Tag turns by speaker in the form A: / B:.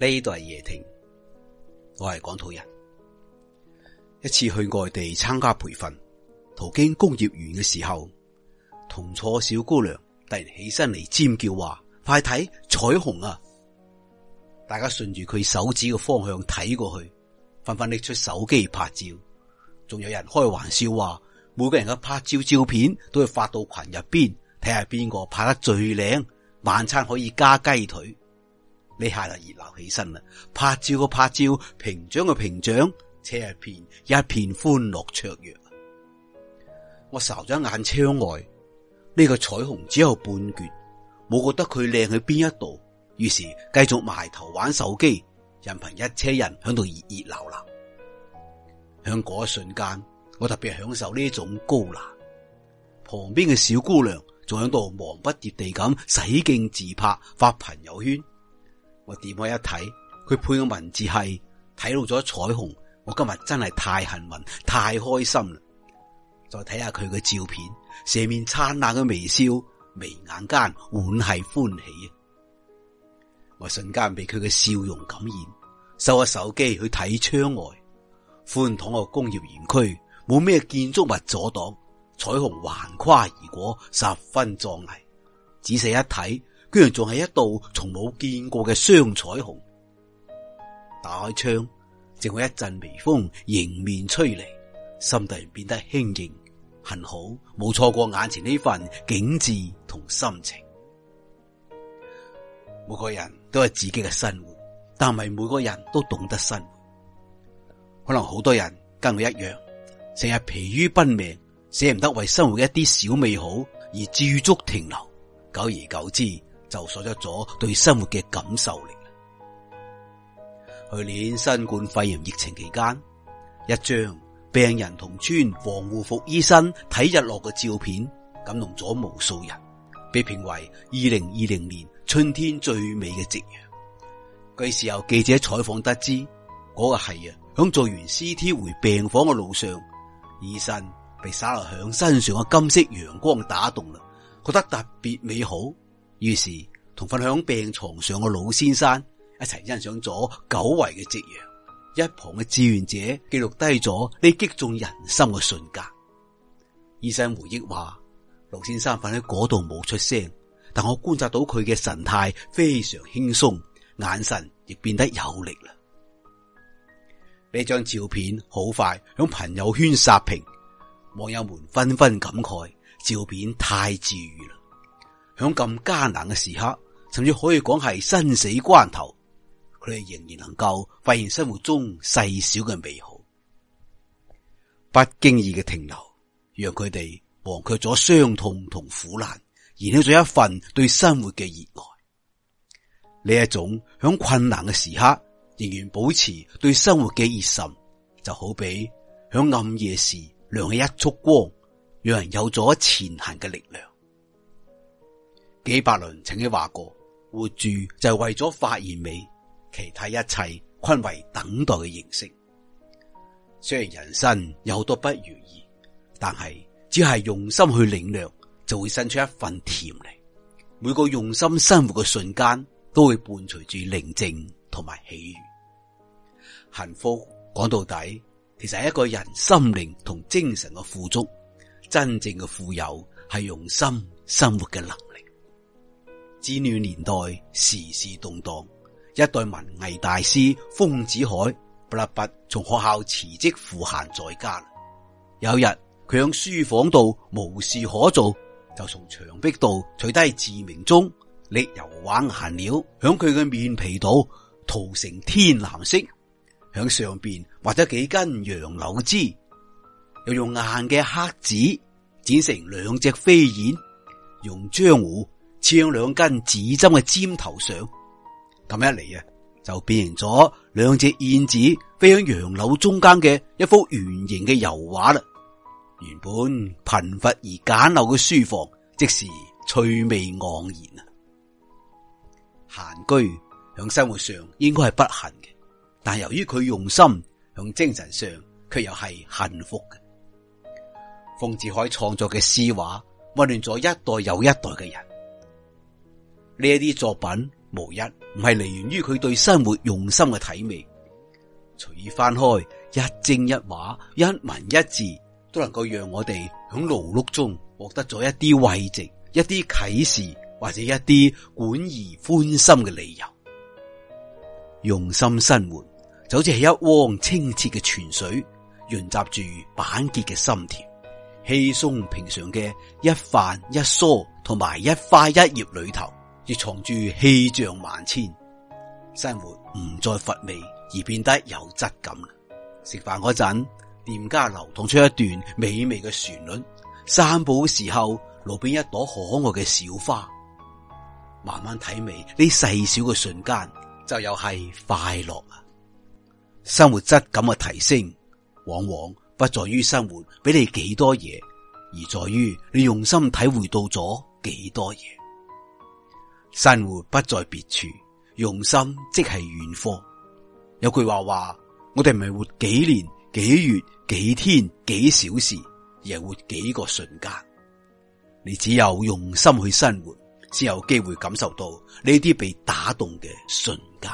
A: 呢度係夜庭，我係廣土人。一次去外地參加培訓，途經工業園嘅時候，同坐小姑娘突然起身嚟尖叫話：快睇，彩虹啊！大家順住佢手指嘅方向睇過去，紛紛拎出手機拍照，仲有人開玩笑話：每個人嘅拍照照片都要發到群入邊，睇下邊個拍得最靚，晚餐可以加雞腿。呢下就熱鬧起身啦！拍照個拍照，評獎個評獎，車入邊一片歡樂雀躍。我睄咗眼窗外，呢個彩虹只有半橛，冇覺得佢靚喺邊一度。於是繼續埋頭玩手機，任憑一車人響度熱熱鬧鬧。響嗰一瞬間，我特別享受呢種高冷。旁邊嘅小姑娘仲響度忙不迭地咁使勁自拍發朋友圈。我點開一睇，佢配嘅文字係，睇到咗彩虹，我今日真係太幸運、太開心啦！再睇下佢嘅照片，成面燦爛嘅微笑，眉眼間滿係歡喜啊！我瞬間被佢嘅笑容感染，收下手機去睇窗外寬敞嘅工業園區，冇咩建築物阻擋，彩虹橫跨而過，十分壯麗。仔細一睇。居然仲係一道從冇見過嘅雙彩虹。打開窗，正係一陣微風迎面吹嚟，心突然變得輕盈。幸好冇錯過眼前呢份景致同心情。每個人都係自己嘅生活，但係唔係每個人都懂得生活。可能好多人跟我一樣，成日疲於奔命，捨唔得為生活一啲小美好而駐足停留，久而久之。就喪失咗對生活嘅感受力。去年新冠肺炎疫情期間，一張病人同穿防護服醫生睇日落嘅照片，感動咗無數人，被評為二零二零年春天最美嘅夕陽。據事後記者採訪得知，嗰個係啊，響做完 CT 回病房嘅路上，醫生被灑落響身上嘅金色陽光打動啦，覺得特別美好，於是。同瞓響病床上嘅老先生一齊欣賞咗久違嘅夕陽，一旁嘅志願者記錄低咗呢擊中人心嘅瞬間。醫生回憶話：老先生瞓喺嗰度冇出聲，但我觀察到佢嘅神態非常輕鬆，眼神亦變得有力啦。呢張照片好快響朋友圈刷屏，網友們紛紛感慨：照片太治愈啦！響咁艱難嘅時刻。甚至可以講係生死關頭，佢哋仍然能夠發現生活中細小嘅美好，不經意嘅停留，讓佢哋忘卻咗傷痛同苦難，燃起咗一份對生活嘅熱愛。呢一種響困難嘅時刻，仍然保持對生活嘅熱心，就好比響暗夜時亮起一束光，讓人有咗前行嘅力量。紀伯倫曾經話過。活住就係為咗發現美，其他一切均為等待嘅形式。雖然人生有好多不如意，但係只係用心去領略，就會生出一份甜嚟。每個用心生活嘅瞬間，都會伴隨住寧靜同埋喜悅。幸福講到底，其實係一個人心靈同精神嘅富足。真正嘅富有係用心生活嘅能力。戰亂年代，時事動盪，一代文藝大師豐子愷不立不從學校辭職，賦閒在家。有日，佢喺書房度無事可做，就從牆壁度取低自鳴鐘，力游玩顏料，響佢嘅面皮度塗成天藍色，響上邊畫咗幾根楊柳枝，又用硬嘅黑紙剪成兩隻飛燕，用漿糊。似喺兩根指針嘅尖頭上，咁一嚟啊，就變成咗兩隻燕子飛喺楊柳中間嘅一幅圓形嘅油畫啦。原本貧乏而簡陋嘅書房，即時趣味盎然啊！閒居響生活上應該係不幸嘅，但由於佢用心向精神上，卻又係幸福嘅。馮志海創作嘅詩畫，溫暖咗一代又一代嘅人。呢一啲作品，無一唔係嚟源於佢對生活用心嘅體味。隨意翻開一幀一畫，一文一,一,一字，都能夠讓我哋響勞碌中獲得咗一啲慰藉、一啲啟示，或者一啲管而歡心嘅理由。用心生活，就好似係一汪清澈嘅泉水，潤集住板結嘅心田，稀鬆平常嘅一飯一蔬同埋一花一葉裏頭。亦藏住氣象萬千，生活唔再乏味，而變得有質感。食飯嗰陣，店家流淌出一段美味嘅旋律；散步嘅時候，路邊一朵可愛嘅小花，慢慢體味呢細小嘅瞬間，就又係快樂啦！生活質感嘅提升，往往不在於生活俾你幾多嘢，而在於你用心體會到咗幾多嘢。生活不在別處，用心即係遠方。有句話話，我哋唔係活幾年、幾月、幾天、幾小時，而係活幾個瞬間。你只有用心去生活，先有機會感受到呢啲被打動嘅瞬間。